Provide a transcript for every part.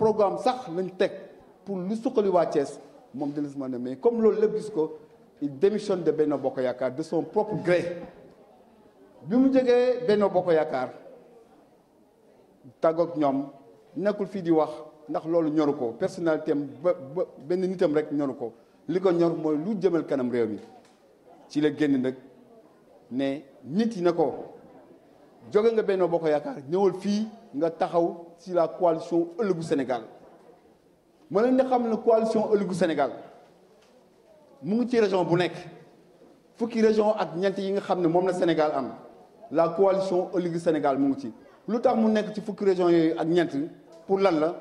programme sax lañ teg pour lu suqali waa Thiès moom Denis Mané mais comme loolu lépp gis ko il démissionne de Benno Bokk Yaakaar de son propre gré bi mu jógee Benno Bokk Yaakaar tàggoog ñoom nekkul fii di wax ndax loolu ñoru ko personnalité am ba benn nitam rek ñoru ko li ko ñor mooy lu jëmal kanam réew mi ci la génn nag ne nit yi na ko jóge nga Benno Bokk Yaakaar ñëwal fii nga taxaw Si la coalition ëllëgu Sénégal Je la di la coalition ëllëgu Sénégal mu ngi ci région bu nekk région ak ñeent yi nga xam mom la Sénégal am la coalition ëllëgu Sénégal mu ngi ci mu nekk ci fukki région yooyu ak pour lan la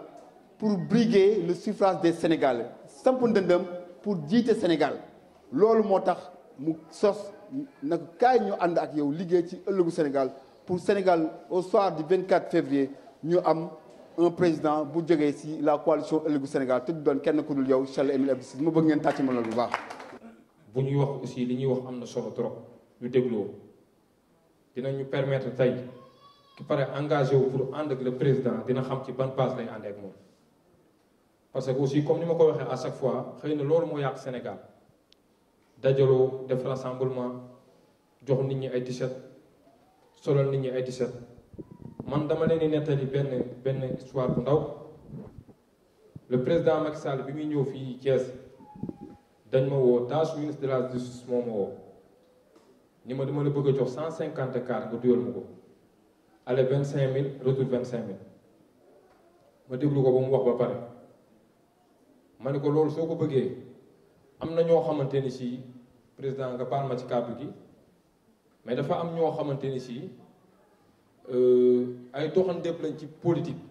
pour briguer le suffrage des Sénégal. samp ndëndëm pour jiite Sénégal loolu moo tax mu sos nak kaay ñu and ak yow liggé ci Sénégal pour Sénégal au soir du 24 février ñu am un président bu jógee ci la coalition ëllëgu Sénégal te du kenn ku dul yow Charles Émile Abdou mo bëgg ngeen tàcc ma loolu bu baax. bu ñuy wax aussi li ñuy wax amna solo trop ñu dégloo dinañu permettre tay ki paré engagé wu pour ànd ak le président dina xam ci ban base lay ànd ak moom. parce que aussi comme ni ma ko waxé à chaque fois xeyna lolu mo moo Sénégal dajaloo def rassemblement jox nit ñi ay 17 solo nit ñi ay 17 man dama leen di nettali benn benn histoire bu ndaw le président Macky Sall bi muy ñëw fii Thiès dañ ma woo tâche ministre de la justice moo ma woo ni ma dama la bëgg a jox cent cinquante cartes nga duyal ma ko ale vingt cinq mille retour vingt cinq mille ma déglu ko ba mu wax ba pare ma ne ko loolu soo ko bëggee am na ñoo xamante ni si président nga baal ma ci kàddu gi mais dafa am ñoo xamante ni si Euh, ay doxandeeb lañ ci politique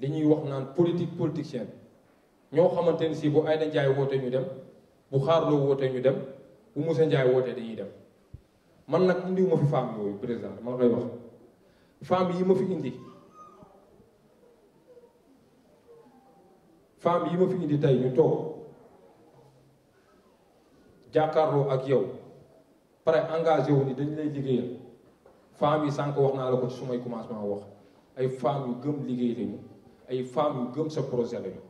li ñuy wax naan politique politicienne ñoo xamante ni si bu na Ndiaye wootee ñu dem bu xaarloo wootee ñu dem bu Moussa Ndiaye wootee dañuy dem man nag indiwu ma fi femme yooyu président man koy wax femme yi ma fi indi femme yi ma fi indi tey ñu toog jàkkaarloo ak yow pare engagé wu yi dañ lay liggéeyal femmes yi sànq wax naa la ko ci sumay commencement wax ay femmes yu gëm liggéey lañu ay femmes yu gëm sa projet lañu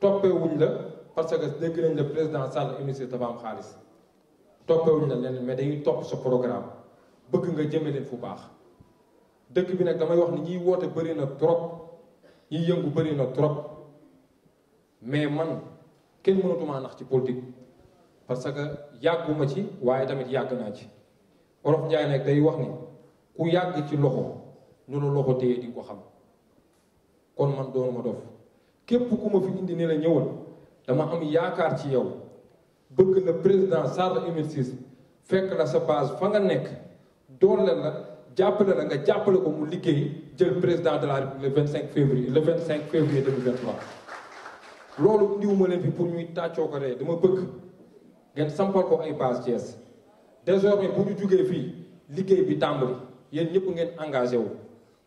toppewuñ la parce que dégg nañ la président Sall université dafa am xaalis toppewuñ la leneen mais dañuy topp sa programme bëgg nga jëme leen fu baax dëkk bi nag damay wax ni ñuy woote bëri na trop ñiy yëngu bëri na trop mais man kenn mënatumaa nax ci politique parce que yàgguma ci waaye tamit yàgg naa ci olof njaay nag day wax ni ku yàgg ci loxo nu la loxo téye di ko xam kon man doon ma dof képp ku ma fi indi ne la ñëwal dama am yaakaar ci yow bëgg la président Sarr ML6 fekk la sa base fa nga nekk doole la jàppale la nga jàppale ko mu liggéey jël président de la République le 25 février le cinq février 2023. loolu ndiwuma leen fi pour ñuy tàccoo ko ree dama bëgg ngeen sampal ko ay base Thiès désormais bu ñu jugee fii liggéey bi tàmbali yéen ñëpp ngeen engagé wu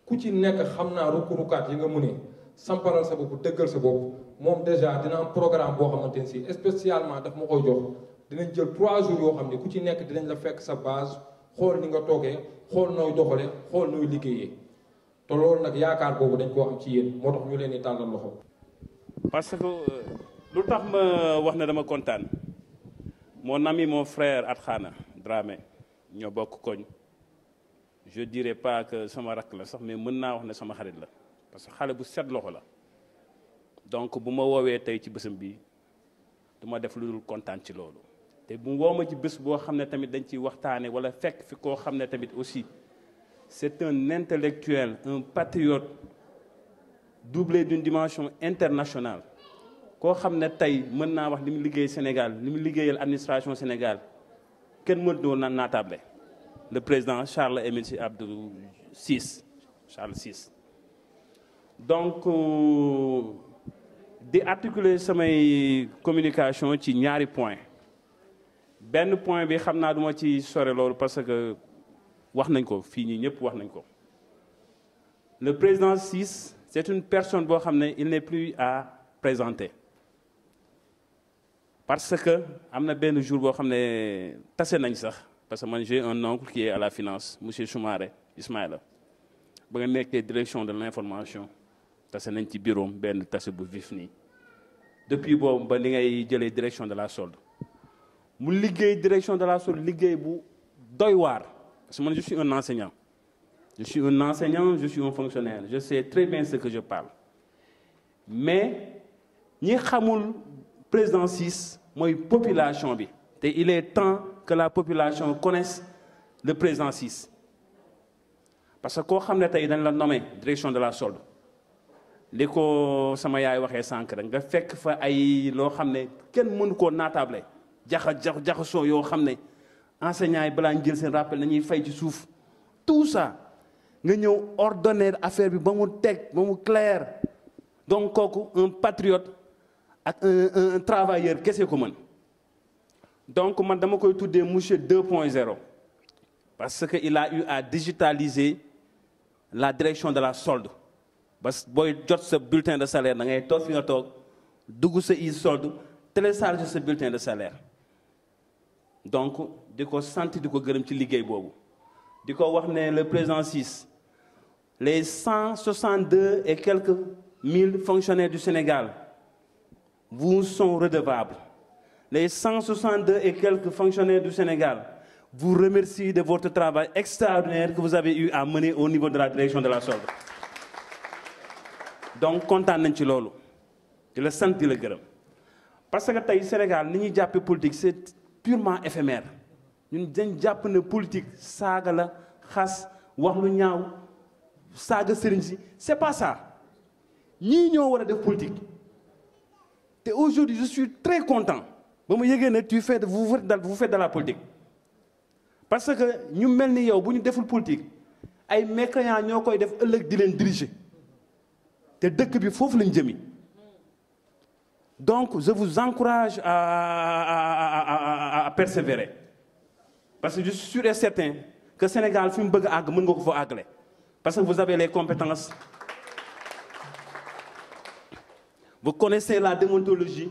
ku ci nekk xam naa rukk-rukkaat yi nga mu ne sampalal sa bopp dëggal sa bopp moom dèjà dina am programme boo xamante ne si spécialement daf ma koy jox dinañ jël trois jours yoo xam ne ku ci nekk dinañ la fekk sa base xool ni nga toogee xool nooy doxalee xool nooy liggéeyee te loolu nag yaakaar boobu dañ koo am ci yéen moo tax ñu leen di tàllal loxo. parce que euh, lu tax ma wax na dama kontaan mon ami mon frère Dramé ñoo bokk koñ je dirais pas que sama rak la sax mais mën wax ne sama xarit la parce que xalé bu set loxo la donc buma ma tay ci bëssam bi du ma def lu dul kontaan ci loolu té bu woma ci bëss bo xamné tamit dañ ci waxtané wala fekk fi ko xamné tamit aussi c'est un intellectuel un patriote doublé d'une dimension internationale ko xamné tay tey wax li liggéey Sénégal li liggéeyal administration Sénégal le président Charles Émile Abdou VI Charles donc euh, de articuler communication ci ñaari point point parce que le président VI c'est une personne qui il n'est plus à présenter parce que amna ben jour bo xamné ne nañ sax parce que man j'ai un oncle qui est à la finance monsieur Choumaré Ismaïla ba nga nekkee direction de l'information tase nañ ci bureau ben tase bu vif ni. depuis bo ba li ngay jëlé direction de la solde mu liggéey direction de la solde liggéey bu doy parce que man je suis un enseignant je suis un enseignant je suis un fonctionnaire je sais très bien ce que je parle mais ñi xamul président c'est la population il est temps que la population connaisse le président 6. parce que la direction de la solde ko sama dit que nga que fa ay enseignants rappel tout ça nga ordonner affaire bi ba clair donc un patriote travailleur, un un travailleur ce que ça donc man dama koy tuddee monsieur 2.0 parce que il a eu à digitaliser la direction de la solde que booy jot ce bulletin de salaire vous ngay toog fi nga toog solde télécharger bulletin de salaire donc de quoi sant di ko gërëm ci liggéey boobu di ko wax le président 6 les 162 et quelques mille fonctionnaires du Sénégal vous sont redevables. Les 162 et quelques fonctionnaires du Sénégal vous remercient de votre travail extraordinaire que vous avez eu à mener au niveau de la direction de la solde. Donc, content nañ ci le di le sant le parce que le Sénégal ni ñuy politique c'est purement éphémère ñun dañ pas ne politique saga, la xas wax lu ñaaw c'est pas ça Nous ñoo politique et aujourd'hui je suis très content ba ma vous faites de la politique parce que nous sommes là yow bu de deful politique ay mécréants ñoo def des di leen diriger dëkk donc je vous encourage à persévérer parce que je suis sûr et certain que le Sénégal fi mu bëgg a àgg parce que vous avez les compétences vous connaissez la déontologie,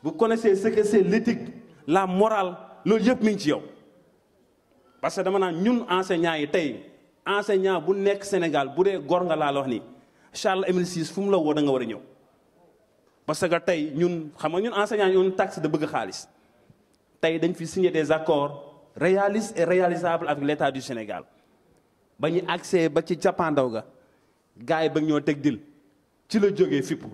vous connaissez ce que c'est l'éthique, la morale, le de mintiyo. Parce que nous, enseignants, enseignants, vous n'êtes au Sénégal, vous êtes gorga la lohni. Charles Emile Sis, fum la wada nga wara Parce que nous, ñun xam nous ñun enseignants taxe de bëgg xaliss. Tay dañ signer des accords réalistes et réalisables avec l'État du Sénégal. Nous avons accès à ci japandaw ga gaay ba ci la jógee fi pour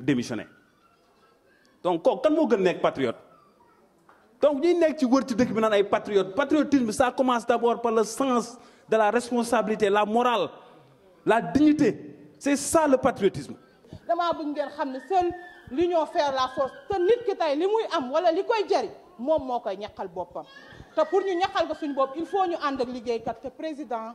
donc kooku kan mo gën nek patriote donc ñi nek ci wër ci dëkk bi nan ay patriote patriotisme ça commence d'abord par le sens de la responsabilité la morale la dignité c'est ça le patriotisme dama bëgg ngeen xamné seul li ñoo faire la force te nit ki tay li muy am wala li koy jariñ mom mo koy ñakal bopam te pour ñu ñakal ko suñu bop il faut ñu and ak kat te président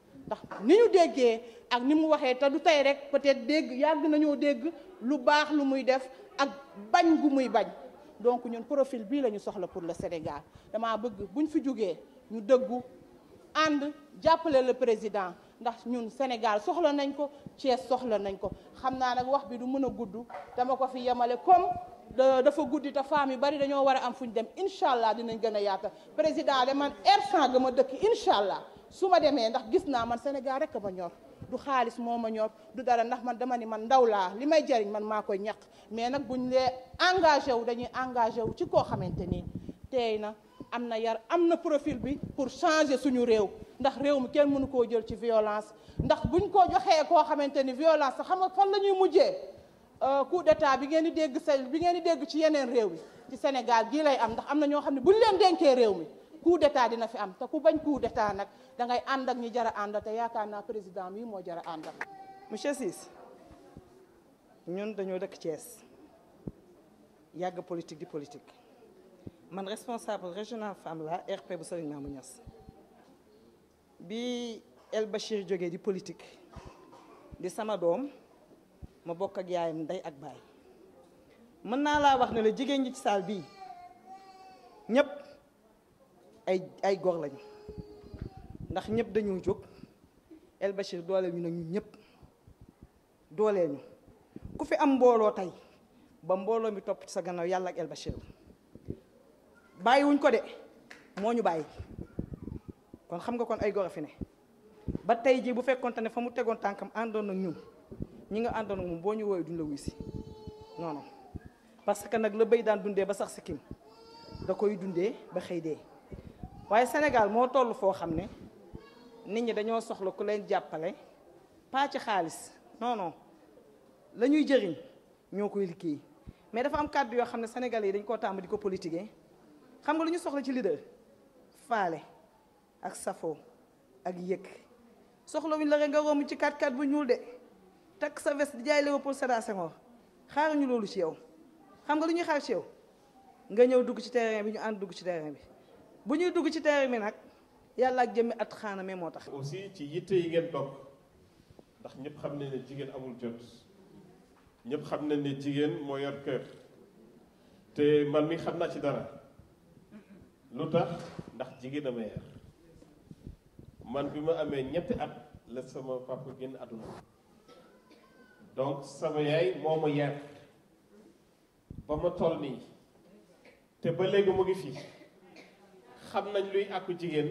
ndax ni ñu déggee ak ni mu waxee te du tey rek peut-être dégg yàgg nañoo dégg lu baax lu muy def ak bañ gu muy bañ donc ñun profil bii lañu soxla pour le Sénégal damaa bëgg ñu fi jógee ñu dëggu ànd jàppale la président ndax ñun Sénégal soxla nañ ko Thiès soxla nañ ko xam naa nag wax bi du mën a gudd dama ko fi yemale comme dafa guddi te femmes yu bari dañoo war am fu ñu dem incha allah dinañ gën a yaatal président de man R100 ga ma dëkk incha allah su ma demee ndax gis naa man Sénégal rek ma ñor du xaalis moo ma ñor du dara ndax man dama ni man ndaw laa li may jariñ man maa koy ñaq mais nag bu buñ lee engagé wu dañuy engagé wu ci koo xamante nii tey na am na yar am na profil bi pour changer suñu réew ndax réew mi kenn mënu koo jël ci violence ndax buñ ko joxee koo xamante ni violence sax xam nga fan la ñuy mujjee Euh, coup d'état bi ngeen di dégg sa bi ngeen di dégg ci yeneen réew mi ci Sénégal gii lay am ndax am na ñoo xam ne buñ leen denkee réew mi coup dina fi am te ku bañ coup deta nag dangay ànd ak ñi jar a àndal te yaakaar naa président mi moo jar a àndal. monsieur Ciss ñun dañoo dëkk Thiès yàgg politique di politique man responsable régional femme la RP bu Serigne Mamou Niass bi El Bachir jógee di politique di sama doom. ma bokk ak yaayam ndey ak baay mën naa laa wax ne la jigéen ñi ci saal bii ñëpp ay ay góor lañu ndax ñëpp dañoo jóg El Bachir ñu nag ñu ñëpp dooleel ñu ku fi am mbooloo tey ba mbooloo mi topp ci sa gannaaw yàlla ak El Bachir bàyyiwuñ ko de moo ñu bàyyi kon xam nga kon ay góor fi ne ba tey jii bu fekkonte ne fa mu tegoon tànkam àndoon nag ñun ñi nga àndoon moom boo nono. woowee duñ la wuy si non non parce que nag la béy daan dundee ba sax sikkim da koy dundee ba xëy dee waaye Sénégal moo toll foo xam ne nit ñi dañoo soxla ku leen jàppale pas ci xaalis non non jëriñ mais dafa am sénégalais yi dañ xam nga soxla ci leader faale ak safoo ak yëg soxla wuñ la nga romb ci 4-4 bu ñuul de takk sa veste di jaay Léopold Sédar Senghor xaaruñu loolu ci yow xam nga lu ñuy xaar ci yow nga ñëw dugg ci terrain bi ñu ànd dugg ci terrain bi bu ñuy dugg ci terrain bi nag yàlla ak jëmmi at xaaname moo tax. aussi ci yitte yi ngeen bokk ndax ñëpp xam nañ ne jigéen amul jot ñëpp xam nañ ne jigéen moo yor kër te man mi xam naa ci dara lu tax ndax jigéen a ma yar man bi mu amee ñetti at la sama papa génn àdduna. donc sama yaay moomu ma yar ba ma toll nii te ba léegi mu ngi fi xam nañ luy àqu jigéen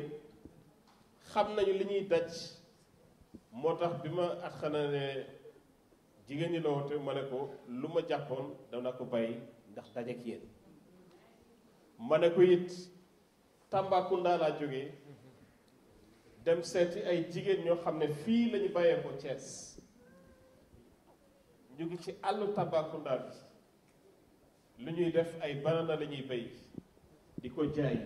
xam nañu li ñuy daj moo tax bi ma at xanaa ne jigéen ñi loolu te ma ne ko lu ma jàppoon dana ko bay ndax daj ak ma ne ko it Tambacounda laa jógee dem seeti ay jigéen ñoo xam ne fii la ñu bàyyeekoo Thiès ñu ngi ci àllu Tambacounda bi lu ñuy def ay banana lañuy ñuy bay di ko jaay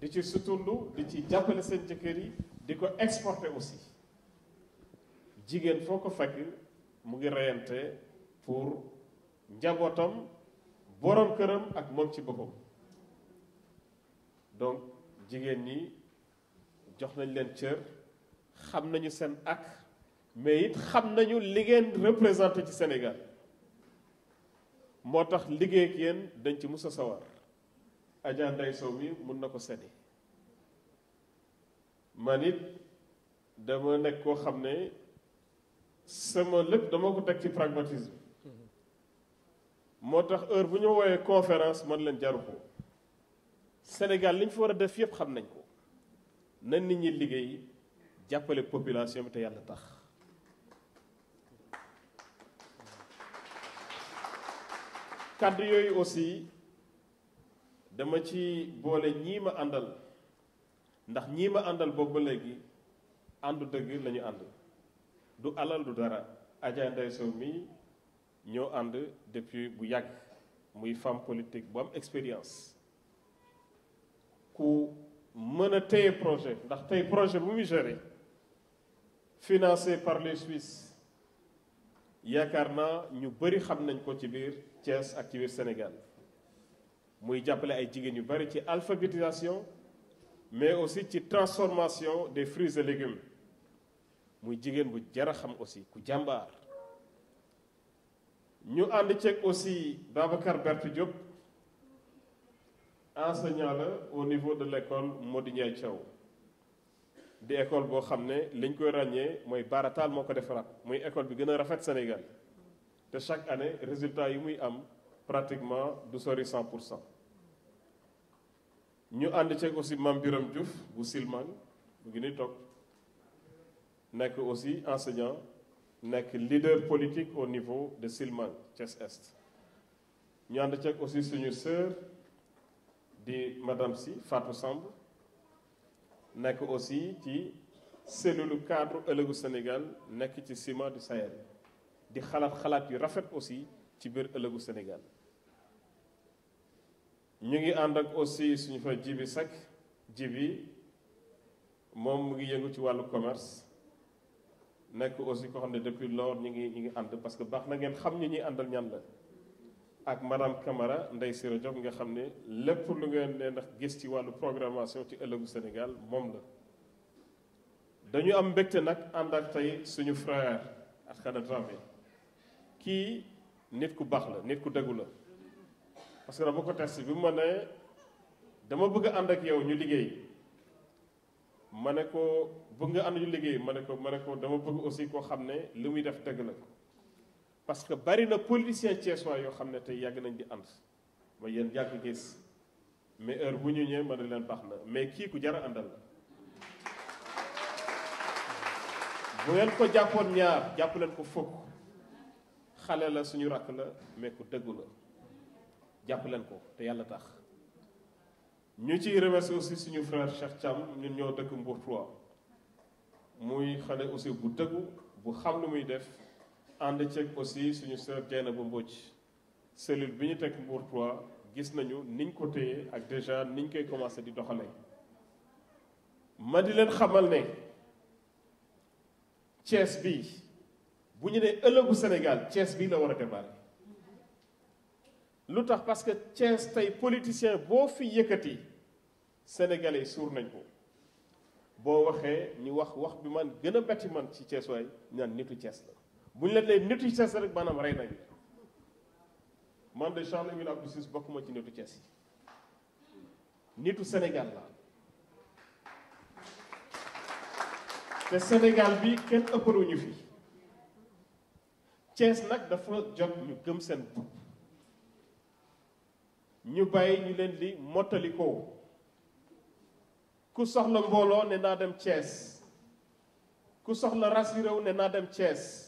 di ci suturlu di ci jàppale seen jëkkër yi di ko exporter aussi jigéen foo ko fekk mu ngi reyante pour njabootam boroom këram ak moom ci boppam donc jigéen ñi jox nañ leen cër xam nañu seen ak mais it xam nañu li ngeen représenté ci Sénégal moo tax liggéey ak yéen dañ ci mus a sawar Adja Ndeye Sow mi mun na ko seddi man it dama nekk koo xam ne sama lépp dama ko teg ci pragmatisme moo tax heure bu ñu woowee conférence man leen jaru ko Sénégal li ñu fi war a def yépp xam nañ ko na nit ñi liggéey jàppale population bi te yàlla tax kàddu yooyu aussi dama ci boole ñii ma àndal ndax ñii ma àndal boobu ba léegi àndu dëgg la ñu ànd du alal du dara Adja Ndeye Sow mi ñoo ànd depuis bu yàgg muy femme politique bu am expérience ku mën a téye projet ndax tey projet bu muy géré financé par les Suisses yaakaar naa ñu bëri xam nañ ko ci biir Thiès ak ci biir Sénégal muy jàppale ay jigéen yu bëri ci alphabétisation mais aussi ci transformation des fruits et légumes muy jigéen bu jar a xam aussi ku jàmbaar ñu ànd ceeg aussi Babacar Bertou Diop enseignant au niveau de l'école Modou et Thiaw di école boo xam ne liñ koy ràññee mooy baratal moo ko defaraat muy école bi gën a rafet Sénégal te chaque année résultat yi muy am pratiquement du sori 100 pour cent ñu ànd ceeg aussi mam Biram Diouf bu Silman mu ngi ni toog nekk aussi enseignant nekk leader politique au niveau de Silman Thiès Est ñu ànd ceeg aussi suñu sœur di madame si Fatou Samb nek aussi ci cellule cadre ëllëgu Sénégal nek ci ciment du Sahel di xalat xalat yu rafet aussi ci biir ëllëgu Sénégal ñu ngi ànd ak aussi suñu fa jibi sak jibi moom mu ngi yëngu ci wàllu commerce nek aussi ko xamne depuis lors ñi ngi ñi ngi ànd parce que baax na ngeen xam ñu ñi andal ñan la ak madame Camara Ndeye Sira Diop nga xam ne lépp lu ngeen leen ndax gis ci wàllu programmation ci ëllëgu Sénégal moom la dañu am mbégte nag ànd ak tey suñu frère ak xanaa Dramé kii nit ku baax la nit ku dëggu la parce que dama ko test bi mu ma ne dama bëgg ànd ak yow ñu liggéey ma ne ko bëgg nga ànd ñu liggéey ma ne ko ma ne ko dama bëgg aussi koo xam ne li muy def dëgg la parce que bari na politicien Thiessois yoo xam ne tey yàgg nañ di ànd ba yéen jàkk gis mais heure bu ñu ñëwee mën na leen baax na mais kii ku jar a àndal la bu ngeen ko jàppoon ñaar jàpp leen ko fukk xale la suñu rakk la mais ku dëggu la jàpp leen ko te yàlla tax ñu ciy remercier aussi suñu frère Cheikh Thiam ñun ñoo dëkk Mbour 3 muy xale aussi bu dëggu bu xam lu muy def ànd ceeg aussi suñu sœur Dieynaba Mbodj cellule bi ñu teg Mbour 3 gis nañu niñ ko téye ak déjà niñ koy commencé di doxalee ma di leen xamal ne Thiès bi bu ñu nee ëllëgu Sénégal Thiès bi la war a démarrer lu tax parce que Thiès tey politicien boo fi yëkkati Sénégalais suur nañ ko boo waxee ñu wax wax bi man gën a betti man ci Thiès waay ñaan nitu Thiès la bu ñu leen nee nitu Cees rek maanaam rey nañu man de Charles Emile Abdou Ciss bokkuma ci nitu Cees yi nitu senegal la te Sénégal bi kenn ëppaluñu fi Cees nag dafa jot ñu gëm seen bopp ñu bàyyi ñu leen di mottalikoo ku soxla mbooloo ne naa dem Cees ku soxla rassuré wu ne naa dem Cees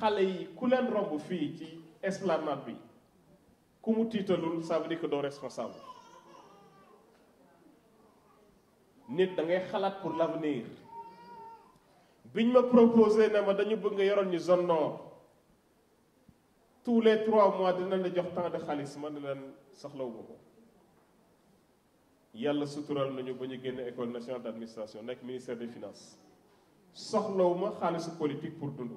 xalé yi ku len romb fi ci esplanade bi ku mu tiitalul ça veut dire que do responsable nit da ngay xalat pour l'avenir biñ ma proposé na ma dañu bëgg nga yoroon ñu zone nord tous les trois mois dina la jox temps de xaliss man ne leen soxlaw ma ko yàlla sutural nañu ba ñu génne école nationale d'administration nek ministère des finances soxlawuma ma xaalisu politique pour dund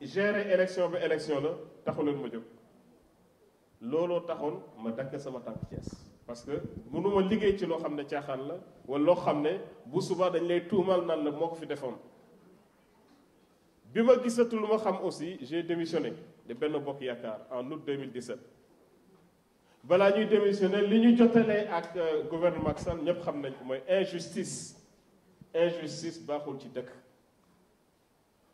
gérer élection bi élection la taxuloon ma jóg looloo taxoon ma dakk sama tànk Thiès parce que mënuma liggéey ci loo xam ne caaxaan la wala loo xam ne bu subaa dañ lay tuumal nan la moo ko fi defoon bi ma gisatu ma xam aussi j'ai démissionné de Benno Bokk Yaakaar en août 2017 balaa ñuy démissionné li ñu jotalee ak euh, gouvernement sax ñëpp xam nañ ko mooy injustice injustice baaxul ci dëkk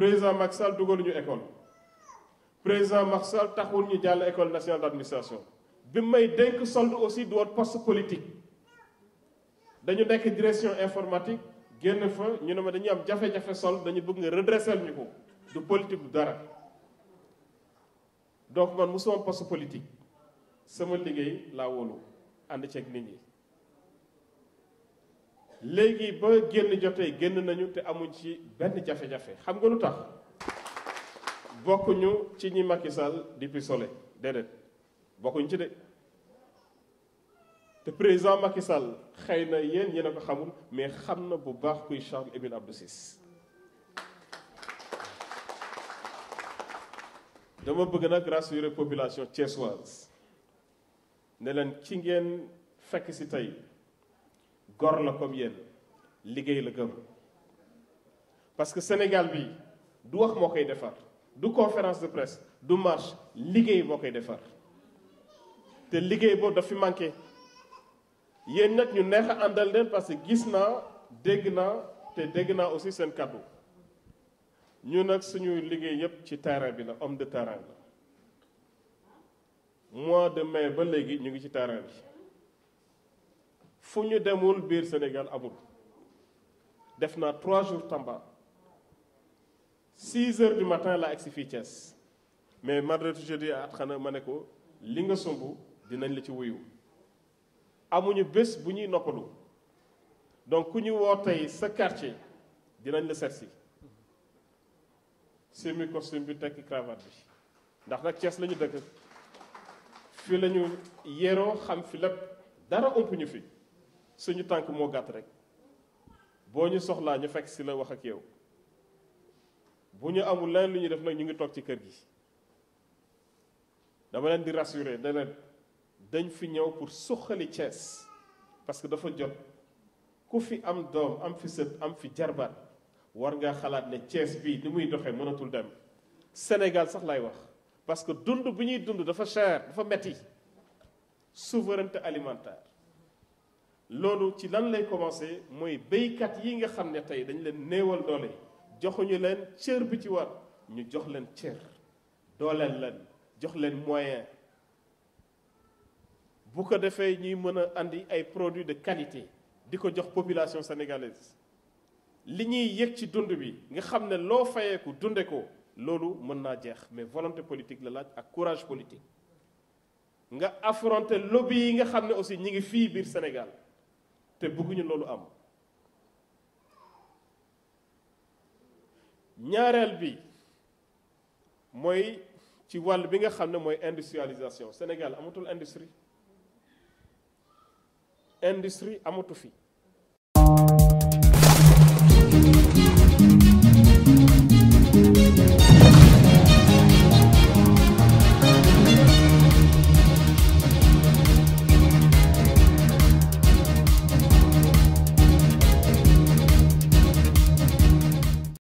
président Macky Sall ñu école président Macky Sall taxul ñu jall école nationale d'administration bi may dénk solde aussi du poste politique dañu nek direction informatique genn fa ñu ne ma dañuy am jafé jafé sol dañu bëgg nga redresser ñu du politique du dara donc man mosuma poste politique sama liggéey laa and ci ak nit ñi. léegi ba génn jotee génn nañu te amuñ ci benn jafe-jafe xam nga lu tax bokkuñu ci ñi Macky Sall di pisole déedéet bokkuñ ci de te président makisal Sall xëy na yéen yéen a ko xamul mais xam na bu baax kuy Charles Émile Abdou Ciss dama bëgg nag rassurer population thiessoise ne leen ci ngeen fekk si tey gor la comme yéen liggéey la gëm parce que Sénégal bi du wax moo koy defar du conférence de presse du marche liggéey moo koy defar te liggéey boobu daf fi manqué yéen nag ñu neex a àndal leen parce que gis naa dégg naa te dégg naa aussi seen cadeau. ñu nag suñu liggéey yépp ci terrain bi la homme de terrain la mois de mai ba léegi ñu ngi ci terrain bi fu demul demoon biir Sénégal amul def naa trois jours Tamba six heures du matin la agsi fii Thiès mais malgré jeudi at xana ma ne ko li nga sumb dinañ la ci wuyu amuñu bés bu ñuy noppalu donc ku ñu woo tey sa quartier dinañ la seet si semi costume bi tekki cravate bi ndax nag Thiès la ñu dëkk fi la ñu yeroo xam fi lépp dara ëmp fi suñu tànk moo gàtt rek boo ñu soxlaa ñu fekk si la wax ak yow bu ñu amul leneen lu ñuy def nag ñu ngi toog ci kër gi dama leen di rassurer ne leen fi ñëw pour suqali Thiès parce que dafa jot ku fi am doom am fi sët am fi jarbaat war nga xalaat ne cees bi ni muy doxee mënatul dem Sénégal sax lay wax parce que dund bi ñuy dund dafa cher dafa metti souveraineté alimentaire lolu ci lan lay commencé moy Beykat yi nga tay dañ leen doole joxuñu leen cër bi ci war ñu jox leen leen moyen bu ko ñuy mëna andi ay produits de qualité di jox population sénégalaise li ñuy yek ci dund bi nga ne loo ko Nous mën mais volonté politique la laaj courage politique nga affronter lobby yi nga aussi ñi ngi Sénégal te bëgguñu loolu am ñaareel bi mooy ci wàll bi nga xam ne mooy industrialisation Sénégal amatul industrie industrie amatu fi